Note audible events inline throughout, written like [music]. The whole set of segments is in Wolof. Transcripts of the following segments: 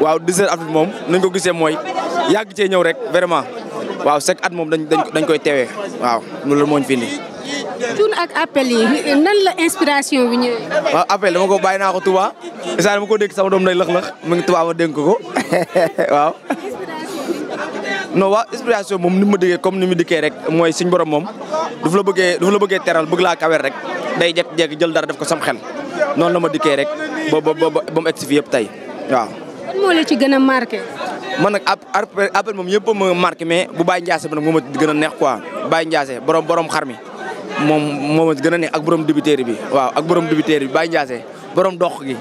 waaw 17 avril moom nañ ko gisee mooy yàgg cee ñëw rek vraiment waaw chaque at moom dañ dañ koy teewee waaw loolu moo ñu fi indi. ak appel yi nan la inspiration bi ñëwee. waaw appel dama ko bàyyi naa ko Touba isaan ma ko dégg sama doom day lëx-lëx mu ngi Touba ma dénk ko [laughs] waaw. non waaw inspiration moom ni mu ma déggee comme ni mu dikkee rek mooy suñ borom moom dafa la bëggee dafa la bëggee teral bëgg laa kawer rek day jekk jekk jël dara def ko sam xel noonu la ma dikkee rek ba ba ba ba mu yëpp tey waaw. lan moo la ci gën a marqué. man nag appel appel moom yëpp ma marqué mais bu Baye Ndiasse bi nag moom ma gën a neex quoi Baye Ndiasse borom borom xar mi moom moo ma gën a neex ak borom dibiteeri bi waaw ak borom dibiteeri bi Baye Ndiasse borom dox gi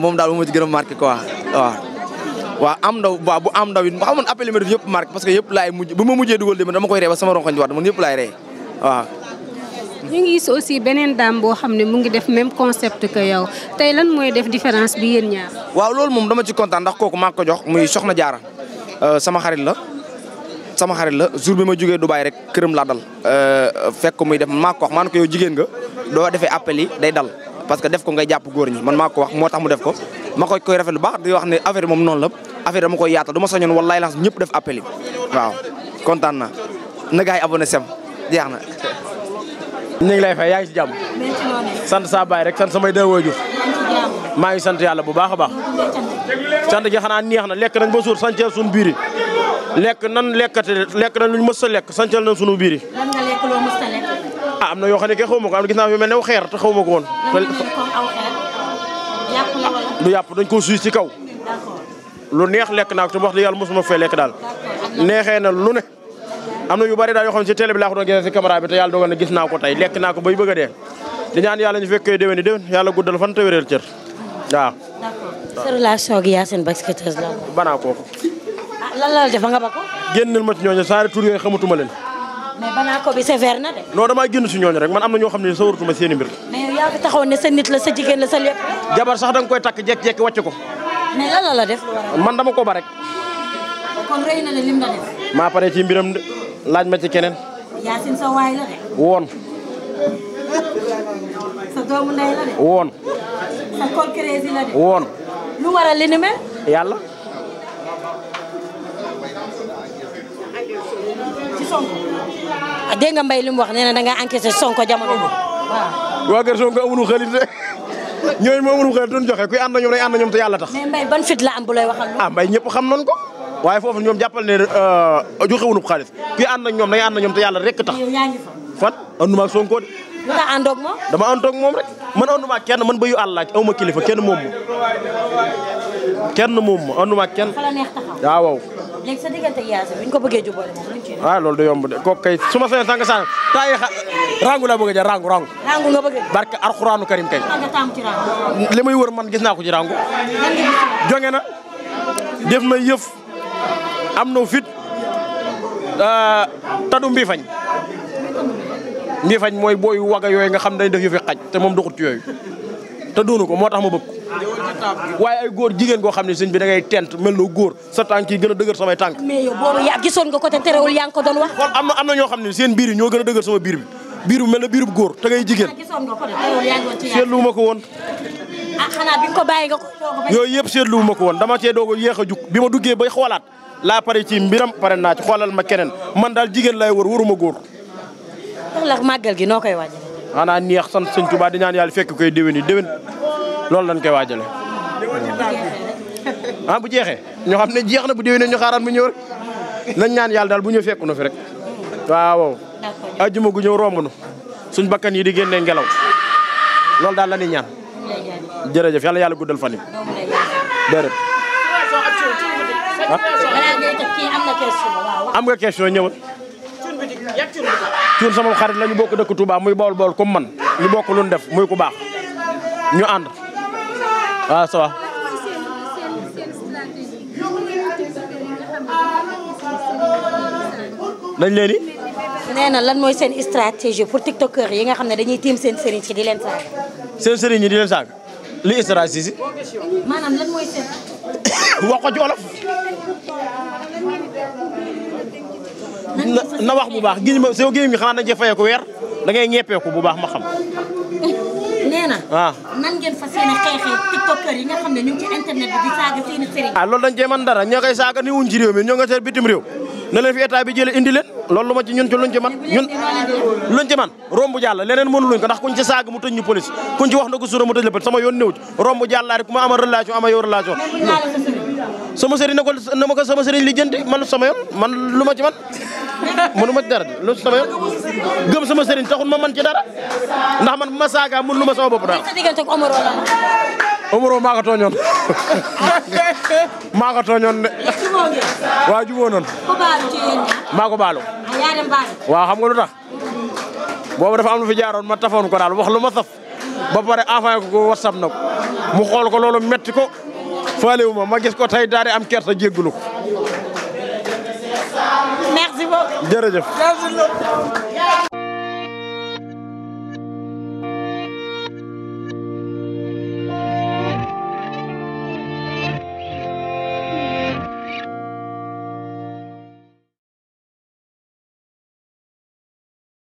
moom daal moo ma ci gën a marqué quoi waaw. waaw am ndaw waaw bu am ndaw it xamoon appel yi ma def yëpp marqué parce que yëpp laay mujj bu ma mujjee dugal de man dama koy ree ba sama rongoñ di waat man yëpp laay ree ñu ngi gis aussi beneen daam boo xam ne mu ngi def même concept que yow tey lan mooy def différence bi yéen ñaar. waaw loolu moom dama ci kontaan ndax kooku maa ko jox muy soxna jaara euh, sama xarit la sama xarit la jour bi ma jógee Dubaay rek këram laa dal. Euh, fekk muy def maa ko wax maanaam ko yow jigéen nga doo defee appel yi day dal parce que def ko ngay jàpp góor ñi man maa ko wax moo tax mu def ko. ma ko koy rafet lu baax di wax ne affaire moom noonu la affaire dama koy yaatal du ma soñoon wallaay laas ñëpp def appel yi waaw kontaan na na gars sem jeex na. ñu ngi lay fay yaa ngi ci jàmm. sant saa baay rek sant samay deux waajur maa ngi sant yàlla bu baax a baax. sant ja xanaa neex na lekk nañ ba suur sànceel suñu biir yi lekk nan lekkate lekk nañ luñ mës sa lekk sànceel nañ sunu biir ah am na yoo xam ne kay xaw ma am gis naa fi mel ne xeer te xaw ma ko woon. du yàpp dañ ko suy ci kaw. lu neex lekk naa ko te wax dëgg yàlla mosuma fee lekk daal. neexee na lu ne. am na yu bari daal yoo xam ne si télé bi laa ko doon gis si naa ko tey lekk naa ko bay bëgg a dee di ñaan yàlla ñu fekkee déwén déwén yàlla guddal fan te wéral cër sa relation gi yaa seen basketteuse la. banaa ko. ah lan ma ci ñooñu saari tur yooyu xamatuma leen. mais banaa ko na de. non damaa génn si ñooñu rek man am na ñoo xam ne sa wartuma seen i mbir. sa nit sa jigéen sa lépp. jabar sax da nga koy takk jékki-jékki wàcc ko. mais lan la la man dama ko ba rek. kon rëy na ne lim la maa pare ci mbiram de. laaj ma ci keneen. Yacine sa waay la de. woon. sa doomu ndey woon. woon. lu waral li ni yàlla. ci nga Mbaye li wax nee na da nga enquêté Sonko jamono bi waaw. waa kër Sonko amul xarit de ñooñu moom amul xarit duñ joxe kuy ànd ñoom day ànd ñoom te yàlla tax. mais Mbaye ban fit la am waxal. ah Mbaye ñëpp xam noonu ko. waaye foofu ñoom jàppal ne euh, joxewuñu xaalis kuy ànd ak ñoom da ngay ànd ak ñoom te yàlla rek tax. fan ànduma ak Sonko de. lu dama àndoo ak man ànduma ak kenn man bëyu àll awma kilifa kenn moom ma kenn moom ma ànduma ak kenn. waaw waaw. léegi ko bëggee jubóole moom luñ ci ah, yomb. de kooku kay su ma seen sànq sànq taa yi xa rangu laa a rangu rangu. rangu nga bëgg a jël barke kay. li may man gis naa ko ci rangu. jonge na yëf am na fit. Euh, tadu mbiifañ mbiifañ mooy booy waga yooyu nga xam day def yëfi xaj te moom doxut yooyu te doonu ko moo tax ma bëgg waaye ay góor jigéen goo xam ne sëñ bi da ngay tent mel noo góor sa tànk yi gën a dëgër samay tànk. mais yow boobu yaa gisoon nga ko te terewul yaa ngi ko doon wax. am na am na ñoo xam ne seen biir ñoo gën a dëgër sama biir bi mel na biirub góor te ngay jigéen. seetlu ma ko woon. ah xanaa bi ko bàyyi nga ko. yooyu yëpp seetlu ma ko woon dama cee doog yéex a jug bi ma duggee bay xoolaat laa pare ci mbiram pare naa ci xoolal ma keneen man daal jigéen lay wër wëruma góor. ndax màggal gi noo koy waajal. xanaa neex sant sëñ Tuubaa di ñaan yàlla fekk koy déwén yi déwén loolu lañ koy waajale ah bu jeexee ñoo xam ne jeex na bu déwénee ñu mu ñëw rek nañ ñaan yàlla daal bu ñëw fekk na fi rek waaw. ajjuma gu ñëw romb nu suñ bakkan yi di génnee ngelaw loolu daal la ñuy ñaan. jërëjëf yàlla yàlla guddal fan yi. am nga question ñëwal. cuun sama xarit lañu bokk dëkk Touba muy bool bool comme man ñu bokk lu def muy ku baax ñu ànd waaw ah, ça dañ leen di. nee na lan mooy seen stratégie pour tiktokeur yi nga xam ne dañuy tiim seen sëriñ si di leen saaga. seen sëriñ yi di leen saaga li stratégie si. maanaam mooy seen. wax ko ci olof na wax bu baax giñ ma soo géej mi xanaa nañ cee fayee ko weer da ngay ñeppee ko bu baax ma xam. [laughs] nee na. waaw ah. nan ngeen fas yéene xeexee tiktokers yi ne ñu ngi ci internet bi di saaga seen i sëriñ. ah loolu dañ cee mën dara ñoo koy saaga ni ci réew mi ñoo nga seet bitim réew na leen fi état bi jëlee indi leen loolu lu ma ci ñun ci luñ ci man ñun luñ ci man romb jàll leneen mënu luñ ko kuñ ci saaga mu tëj ñu police kuñ ci wax na ko suura mu tëj la bët sama yoon néew ci romb jàll rek ku ma amal relation ama yow relation sama sëriñ na ko na ma ko sama sëriñ lijjanti man lu sama yoon man lu ma ci man mënu ma ci dara lu sama yoon gëm sama ma man ci dara ndax man bu ma saaga mën lu ma sama bopp daal. Omaro maa ko tooñoon [laughs] maa ko tooñoon de waaw jubóo noon maa ko baalu ah, waaw xam nga lu tax boobu dafa am lu fi jaaroon ma tafoon ko daal wax lu ma saf ba pare envoyé ko ko na mu xool ko loolu metti ko faalewu ma ma gis ko tey daal di am kersa jéggulu ko. jërëjëf.